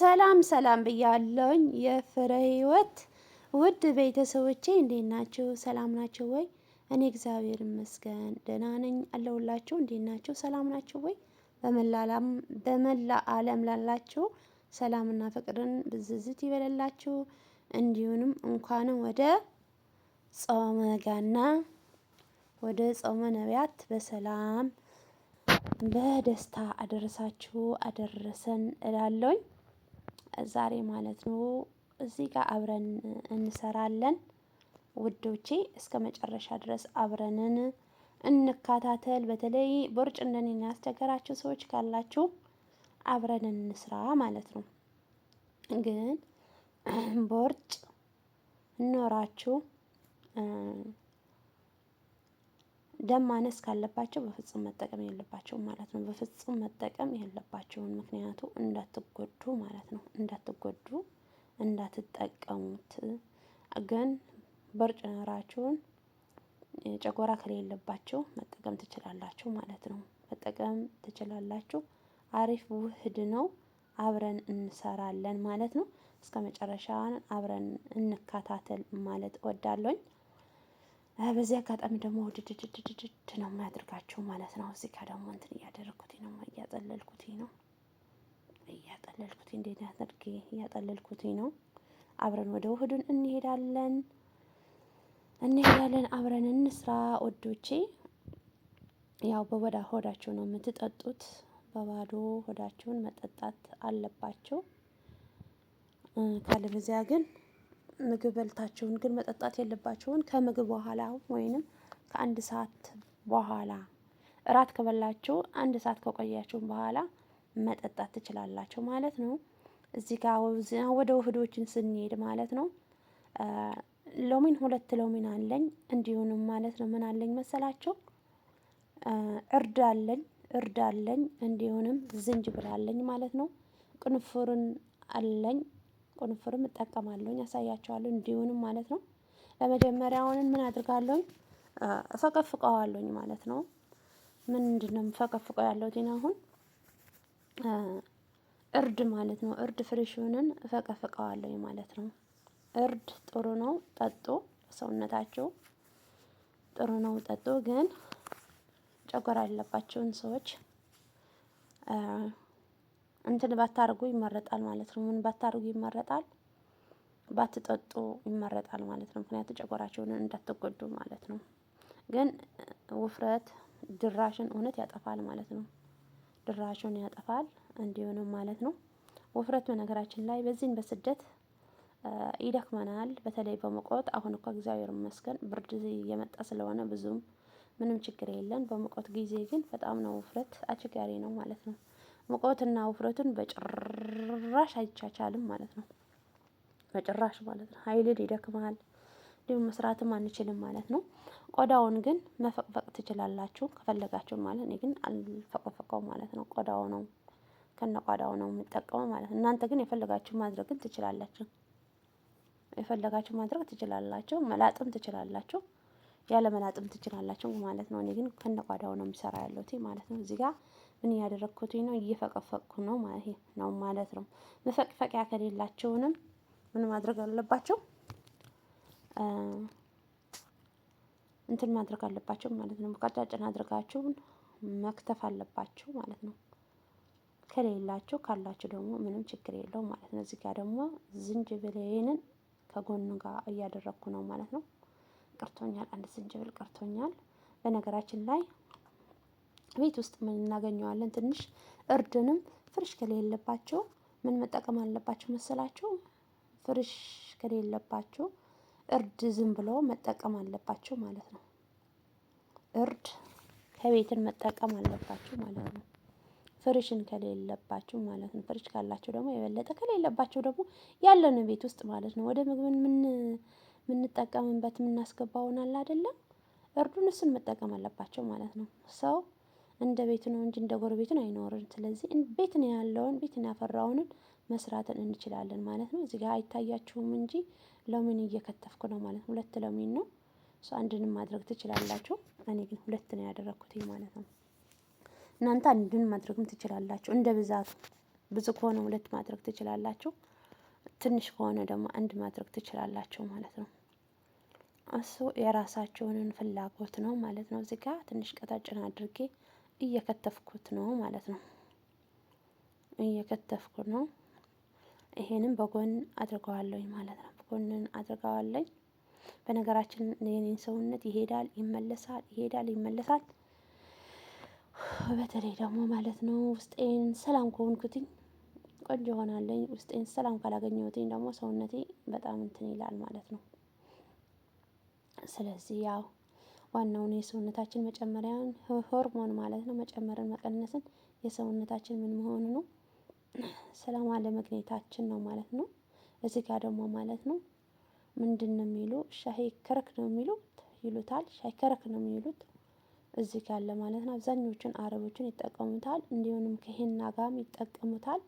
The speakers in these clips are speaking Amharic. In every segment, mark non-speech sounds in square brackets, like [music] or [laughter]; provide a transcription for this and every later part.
ሰላም ሰላም ብያለሁኝ የፍሬ ህይወት ውድ ቤተሰቦቼ እንዴት ናችሁ? ሰላም ናችሁ ወይ? እኔ እግዚአብሔር ይመስገን ደህና ነኝ አለሁላችሁ። እንዴት ናችሁ? ሰላም ናችሁ ወይ? በመላ ዓለም ላላችሁ ሰላምና ፍቅርን ብዝዝት ይበለላችሁ። እንዲሁንም እንኳንም ወደ ጾመ ገና ወደ ጾመ ነቢያት በሰላም በደስታ አደረሳችሁ አደረሰን እላለሁኝ። ዛሬ ማለት ነው እዚህ ጋር አብረን እንሰራለን። ውዶቼ እስከ መጨረሻ ድረስ አብረንን እንከታተል። በተለይ ቦርጭ እንደኔ ያስቸገራችሁ ሰዎች ካላችሁ አብረን እንስራ ማለት ነው። ግን ቦርጭ ኖራችሁ ደም ማነስ ካለባቸው በፍጹም መጠቀም የለባቸውም ማለት ነው። በፍጹም መጠቀም የለባቸውም ምክንያቱ እንዳትጎዱ ማለት ነው። እንዳትጎዱ እንዳትጠቀሙት። ግን ቦርጭ ኖራችሁን ጨጎራ ከሌለባቸው መጠቀም ትችላላችሁ ማለት ነው። መጠቀም ትችላላችሁ። አሪፍ ውህድ ነው። አብረን እንሰራለን ማለት ነው። እስከ መጨረሻ አብረን እንከታተል ማለት እወዳለሁኝ። በዚህ አጋጣሚ ደግሞ ውድድድድድድድ ነው የሚያደርጋቸው ማለት ነው። እዚህ ጋር ደግሞ እንትን እያደረግኩት ነው፣ እያጠለልኩት ነው፣ እያጠለልኩት እንዴት ያደርግ እያጠለልኩት ነው። አብረን ወደ ውህዱን እንሄዳለን እንሄዳለን፣ አብረን እንስራ ወዶቼ። ያው በወዳ ሆዳቸው ነው የምትጠጡት፣ በባዶ ሆዳቸውን መጠጣት አለባችሁ። ካለበዚያ ግን ምግብ በልታችሁን ግን መጠጣት የለባችሁን ከምግብ በኋላ ወይንም ከአንድ ሰዓት በኋላ እራት ከበላችሁ አንድ ሰዓት ከቆያችሁን በኋላ መጠጣት ትችላላችሁ ማለት ነው። እዚህ ጋር ወደ ውህዶችን ስንሄድ ማለት ነው ሎሚን ሁለት ሎሚን አለኝ። እንዲሁንም ማለት ነው ምን አለኝ መሰላችሁ እርድ አለኝ እርድ አለኝ እንዲሁንም ዝንጅብል አለኝ ማለት ነው። ቅንፍርን አለኝ ቁንፍርም እጠቀማለሁኝ አሳያቸዋለሁ እንዲሁንም ማለት ነው። ለመጀመሪያውንን ምን አድርጋለሁኝ እፈቀፍቀዋለሁኝ ማለት ነው። ምንድን ነው የምፈቀፍቀው ያለሁት አሁን እርድ ማለት ነው። እርድ ፍሬሽንን እፈቀፍቀዋለሁኝ ማለት ነው። እርድ ጥሩ ነው ጠጡ፣ ሰውነታቸው ጥሩ ነው ጠጡ። ግን ጨጓራ ያለባቸውን ሰዎች እንትን ባታርጉ ይመረጣል ማለት ነው። ምን ባታርጉ ይመረጣል? ባትጠጡ ይመረጣል ማለት ነው። ምክንያቱም ጨጓራቸውን እንዳትጎዱ ማለት ነው። ግን ውፍረት ድራሽን እውነት ያጠፋል ማለት ነው። ድራሹን ያጠፋል እንዲሆንም ማለት ነው። ውፍረት በነገራችን ላይ በዚህን በስደት ይደክመናል። በተለይ በሙቀት አሁን እኮ እግዚአብሔር ይመስገን ብርድ እየመጣ ስለሆነ ብዙም ምንም ችግር የለን። በሙቀት ጊዜ ግን በጣም ነው ውፍረት አስቸጋሪ ነው ማለት ነው። ሙቀትና ውፍረቱን በጭራሽ አይቻቻልም ማለት ነው። በጭራሽ ማለት ነው። ኃይልን ይደክማል። እንዲሁም መስራትም አንችልም ማለት ነው። ቆዳውን ግን መፈቅፈቅ ትችላላችሁ ከፈለጋችሁ ማለት ነው። ግን አልፈቀፈቀው ማለት ነው። ቆዳው ነው ከነ ቆዳው ነው የምጠቀመው ማለት ነው። እናንተ ግን የፈለጋችሁ ማድረግን ትችላላችሁ። የፈለጋችሁ ማድረግ ትችላላችሁ። መላጥም ትችላላችሁ፣ ያለ መላጥም ትችላላችሁ ማለት ነው። እኔ ግን ከነ ቋዳው ነው የሚሰራ ያለሁት ማለት ነው። እዚህ ጋር ምን እያደረግኩትኝ ነው? እየፈቀፈቅኩ ነው ነው ማለት ነው። መፈቅፈቂያ ከሌላቸውንም ምን ማድረግ አለባቸው? እንትን ማድረግ አለባቸው ማለት ነው። ቀጫጭን አድርጋችሁ መክተፍ አለባቸው ማለት ነው። ከሌላቸው ካላቸው ደግሞ ምንም ችግር የለው ማለት ነው። እዚህ ጋር ደግሞ ዝንጅብሌንን ከጎኑ ጋር እያደረግኩ ነው ማለት ነው። ቀርቶኛል፣ አንድ ዝንጅብል ቀርቶኛል። በነገራችን ላይ ቤት ውስጥ ምን እናገኘዋለን? ትንሽ እርድንም ፍርሽ ከሌለባቸው ምን መጠቀም አለባቸው መሰላችሁ? ፍርሽ ከሌለባቸው እርድ ዝም ብለው መጠቀም አለባቸው ማለት ነው። እርድ ከቤትን መጠቀም አለባቸው ማለት ነው። ፍርሽን ከሌለባቸው ማለት ነው። ፍርሽ ካላቸው ደግሞ የበለጠ ከሌለባቸው ደግሞ ያለን ቤት ውስጥ ማለት ነው ወደ ምግብን የምንጠቀምበት የምናስገባውን አለ አይደለም እርዱን እሱን መጠቀም አለባቸው ማለት ነው ሰው እንደ ቤት ነው እንጂ እንደ ጎረቤትን አይኖርም። ስለዚህ ነው ያለውን ቤትን ያፈራውንን መስራትን እንችላለን ማለት ነው። እዚህ ጋር አይታያችሁም እንጂ ሎሚን እየከተፍኩ ነው ማለት ነው። ሁለት ሎሚን ነው እሱ አንድንም ማድረግ ትችላላችሁ። እኔ ግን ሁለት ነው ያደረግኩት ማለት ነው። እናንተ አንድን ማድረግም ትችላላችሁ እንደ ብዛቱ። ብዙ ከሆነ ሁለት ማድረግ ትችላላችሁ። ትንሽ ከሆነ ደግሞ አንድ ማድረግ ትችላላችሁ ማለት ነው። እሱ የራሳችሁንን ፍላጎት ነው ማለት ነው። እዚህ ጋር ትንሽ ቀጣጭን አድርጌ እየከተፍኩት ነው ማለት ነው። እየከተፍኩ ነው። ይሄንም በጎን አድርገዋለኝ ማለት ነው። በጎንን አድርገዋለኝ። በነገራችን የኔን ሰውነት ይሄዳል፣ ይመለሳል፣ ይሄዳል፣ ይመለሳል። በተለይ ደግሞ ማለት ነው ውስጤን ሰላም ከሆንኩትኝ ቆንጆ ሆናለኝ ውስጤን ሰላም ካላገኘሁትኝ ደግሞ ሰውነቴ በጣም እንትን ይላል ማለት ነው። ስለዚህ ያው ዋናውን የሰውነታችን መጨመሪያን ሆርሞን ማለት ነው መጨመርን መቀነስን የሰውነታችን ምን መሆኑ ነው ሰላም አለመግኘታችን ነው ማለት ነው። እዚህ ጋር ደግሞ ማለት ነው ምንድን ነው የሚሉ ሻይ ከረክ ነው የሚሉት ይሉታል ሻይ ከረክ ነው የሚሉት እዚህ ጋር ለማለት ነው። አብዛኞቹን አረቦችን ይጠቀሙታል። እንዲሁንም ከሄና ጋም ይጠቀሙታል።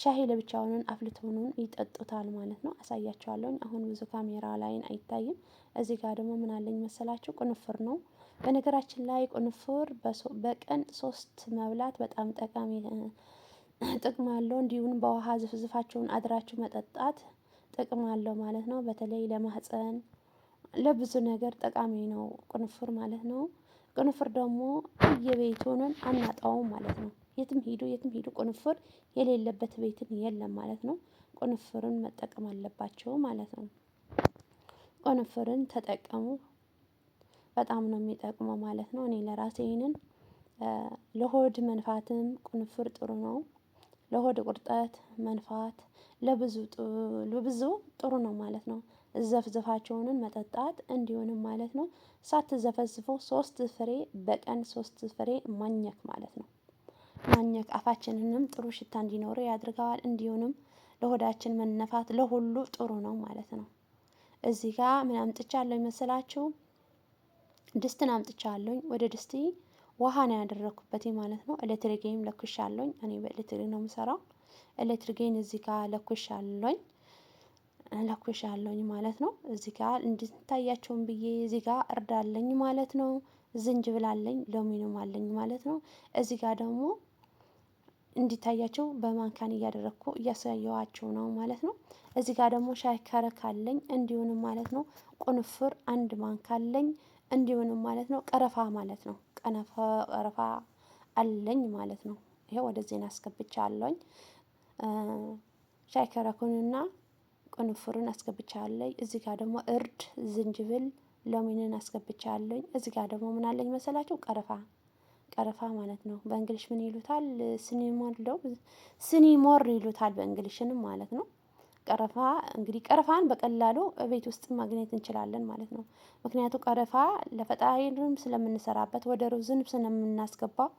ሻሂ ለብቻውንን አፍልቶውን ይጠጡታል ማለት ነው። አሳያችኋለሁኝ። አሁን ብዙ ካሜራ ላይን አይታይም። እዚህ ጋር ደግሞ ምን አለኝ መሰላችሁ? ቁንፍር ነው። በነገራችን ላይ ቁንፍር በቀን ሶስት መብላት በጣም ጠቃሚ ጥቅም አለው። እንዲሁም በውሃ ዝፍዝፋችሁን አድራችሁ መጠጣት ጥቅም አለው ማለት ነው። በተለይ ለማህፀን ለብዙ ነገር ጠቃሚ ነው ቁንፍር ማለት ነው። ቁንፍር ደግሞ የቤቱንን አናጣውም ማለት ነው። የትም ሂዱ የትም ሂዱ ቁንፍር የሌለበት ቤትን የለም ማለት ነው። ቁንፍርን መጠቀም አለባቸው ማለት ነው። ቁንፍርን ተጠቀሙ። በጣም ነው የሚጠቅመው ማለት ነው። እኔ ለራሴ ይህንን ለሆድ መንፋትም ቁንፍር ጥሩ ነው። ለሆድ ቁርጠት መንፋት ለብዙ ለብዙ ጥሩ ነው ማለት ነው። ዘፍዘፋቸውንን መጠጣት እንዲሆንም ማለት ነው። ዘፈዝፎ ሶስት ፍሬ በቀን ሶስት ፍሬ ማኘክ ማለት ነው። ማኘክ አፋችንንም ጥሩ ሽታ እንዲኖረው ያድርገዋል። እንዲሁንም ለሆዳችን መነፋት ለሁሉ ጥሩ ነው ማለት ነው። እዚህ ጋር ምን አምጥቻለሁ ይመስላችሁ? ድስትን አምጥቻለሁኝ ወደ ድስቲ ውሃ ነው ያደረኩበት ማለት ነው። ኤሌክትሪኬም ለኩሻለሁኝ። እኔ በኤሌክትሪክ ነው የምሰራው። ኤሌክትሪኬን እዚህ ጋር ለኩሻለሁኝ ለኩሻለሁኝ ማለት ነው። እዚህ ጋር እንድታያቸውን ብዬ እዚህ ጋር እርዳለኝ ማለት ነው። ዝንጅብል አለኝ ሎሚንም አለኝ ማለት ነው። እዚህ ጋር ደግሞ እንዲታያቸው በማንካን እያደረግኩ እያሳየዋቸው ነው ማለት ነው። እዚህ ጋር ደግሞ ሻይ ከረካ አለኝ እንዲሁንም ማለት ነው ቁንፍር አንድ ማንካ አለኝ እንዲሁንም ማለት ነው ቀረፋ ማለት ነው ቀረፋ አለኝ ማለት ነው። ይሄ ወደዚህን አስገብቻ አለኝ ሻይ ከረኩንና ቁንፍሩን አስገብቻ አለኝ። እዚህ ጋር ደግሞ እርድ ዝንጅብል ሎሚንን አስገብቻ አለኝ። እዚህ ጋር ደግሞ ምን አለኝ መሰላችሁ ቀረፋ ቀረፋ ማለት ነው። በእንግሊሽ ምን ይሉታል? ስኒሞር ለው ስኒሞር ይሉታል በእንግሊሽንም ማለት ነው። ቀረፋ እንግዲህ ቀረፋን በቀላሉ ቤት ውስጥ ማግኘት እንችላለን ማለት ነው። ምክንያቱ ቀረፋ ለፈጣሪንም ስለምንሰራበት ወደ ሩዝን ስለምናስገባው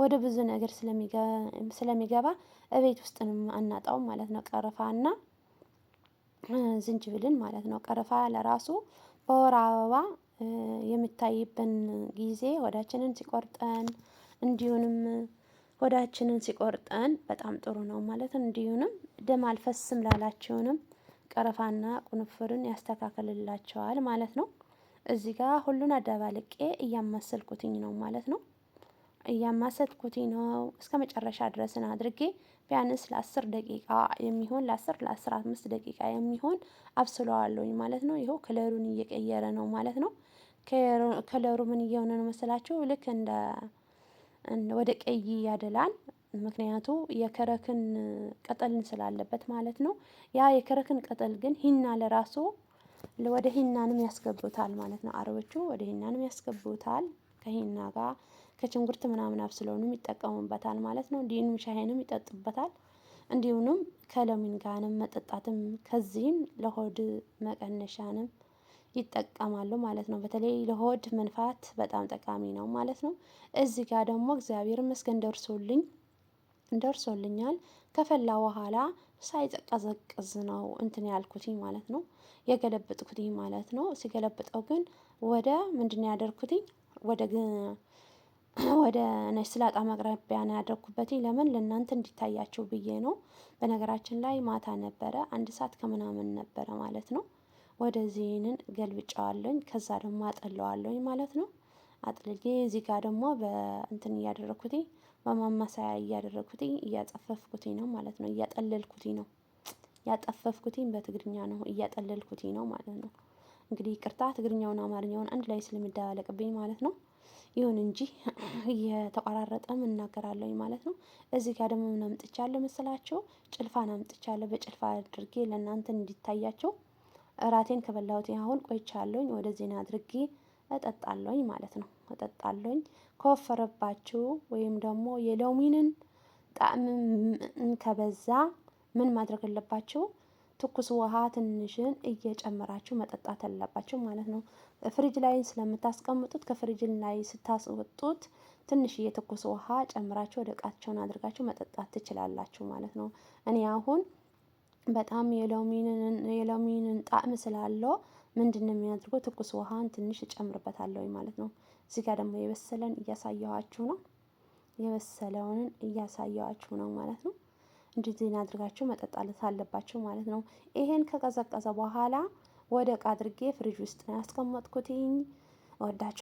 ወደ ብዙ ነገር ስለሚገባ እቤት ውስጥ አናጣው ማለት ነው። ቀረፋና ዝንጅብልን ማለት ነው። ቀረፋ ለራሱ በወር አበባ የምታይበን ጊዜ ሆዳችንን ሲቆርጠን እንዲሁንም ሆዳችንን ሲቆርጠን በጣም ጥሩ ነው ማለት እንዲሁንም ደም አልፈስም ላላችሁንም ቀረፋና ቁንፍርን ያስተካክልላቸዋል ማለት ነው። እዚህ ጋር ሁሉን አደባልቄ እያማሰልኩትኝ ነው ማለት ነው። እያማሰልኩትኝ ነው እስከ መጨረሻ ድረስን አድርጌ ቢያንስ ለአስር ደቂቃ የሚሆን ለአስር ለአስራ አምስት ደቂቃ የሚሆን አብስለዋለሁኝ ማለት ነው። ይኸው ክለሩን እየቀየረ ነው ማለት ነው። ከለሩ ምን እየሆነ ነው መሰላችሁ? ልክ እንደ ወደ ቀይ ያደላል። ምክንያቱ የከረክን ቅጠልን ስላለበት ማለት ነው። ያ የከረክን ቅጠል ግን ሂና ለራሱ ወደ ሂናንም ያስገቡታል ማለት ነው። አረቦቹ ወደ ሂናንም ያስገቡታል። ከሂና ጋር ከችንጉርት ምናምን አብስለውንም ይጠቀሙበታል ማለት ነው። ዲኑም ሻይንም ይጠጡበታል። እንዲሁም ከለሚን ጋንም መጠጣትም ከዚህም ለሆድ መቀነሻንም ይጠቀማሉ ማለት ነው። በተለይ ለሆድ መንፋት በጣም ጠቃሚ ነው ማለት ነው። እዚህ ጋር ደግሞ እግዚአብሔር ይመስገን ደርሶልኝ ደርሶልኛል ከፈላ በኋላ ሳይቀዘቅዝ ነው እንትን ያልኩትኝ ማለት ነው የገለበጥኩትኝ ማለት ነው። ስገለብጠው ግን ወደ ምንድን ያደርኩትኝ ወደ [clears throat] ወደ ነጭ ስላጣ መቅረቢያ ነው ያደረኩበትኝ ለምን ለእናንተ እንዲታያችሁ ብዬ ነው። በነገራችን ላይ ማታ ነበረ አንድ ሰዓት ከምናምን ነበረ ማለት ነው ወደዚህ ይህንን ገልብጫዋለኝ ከዛ ደግሞ አጠለዋለኝ ማለት ነው። አጥልጌ እዚህ ጋር ደግሞ በእንትን እያደረግኩት በማማሳያ እያደረግኩት እያጠፈፍኩትኝ ነው ማለት ነው። እያጠለልኩት ነው ያጠፈፍኩትኝ በትግርኛ ነው እያጠለልኩት ነው ማለት ነው። እንግዲህ ቅርታ ትግርኛውን አማርኛውን አንድ ላይ ስለሚደባለቅብኝ ማለት ነው። ይሁን እንጂ እየተቆራረጠ እናገራለኝ ማለት ነው። እዚህ ጋር ደግሞ ምን አምጥቻለሁ መሰላችሁ? ጭልፋን አምጥቻለሁ። በጭልፋ አድርጌ ለእናንተ እንዲታያቸው እራቴን ከበላሁት አሁን ቆይቻለሁኝ። ወደ ዜና አድርጌ እጠጣለሁኝ ማለት ነው። እጠጣለሁኝ ከወፈረባችሁ ወይም ደግሞ የሎሚንን ጣዕም ከበዛ ምን ማድረግ አለባችሁ? ትኩስ ውሃ ትንሽን እየጨመራችሁ መጠጣት አለባችሁ ማለት ነው። ፍሪጅ ላይ ስለምታስቀምጡት ከፍሪጅ ላይ ስታስወጡት ትንሽ የትኩስ ውሃ ጨምራችሁ ወደ እቃቸውን አድርጋችሁ መጠጣት ትችላላችሁ ማለት ነው። እኔ አሁን በጣም የሎሚንን ጣዕም ስላለው ምንድን ነው የሚያደርገው? ትኩስ ውሃን ትንሽ እጨምርበታለሁ ማለት ነው። እዚህ ጋር ደግሞ የበሰለን እያሳየኋችሁ ነው። የበሰለውን እያሳየኋችሁ ነው ማለት ነው። እንደዚህ አድርጋችሁ መጠጣለት አለባችሁ ማለት ነው። ይሄን ከቀዘቀዘ በኋላ ወደ ዕቃ አድርጌ ፍሪጅ ውስጥ ነው ያስቀመጥኩትኝ። እወዳችሁ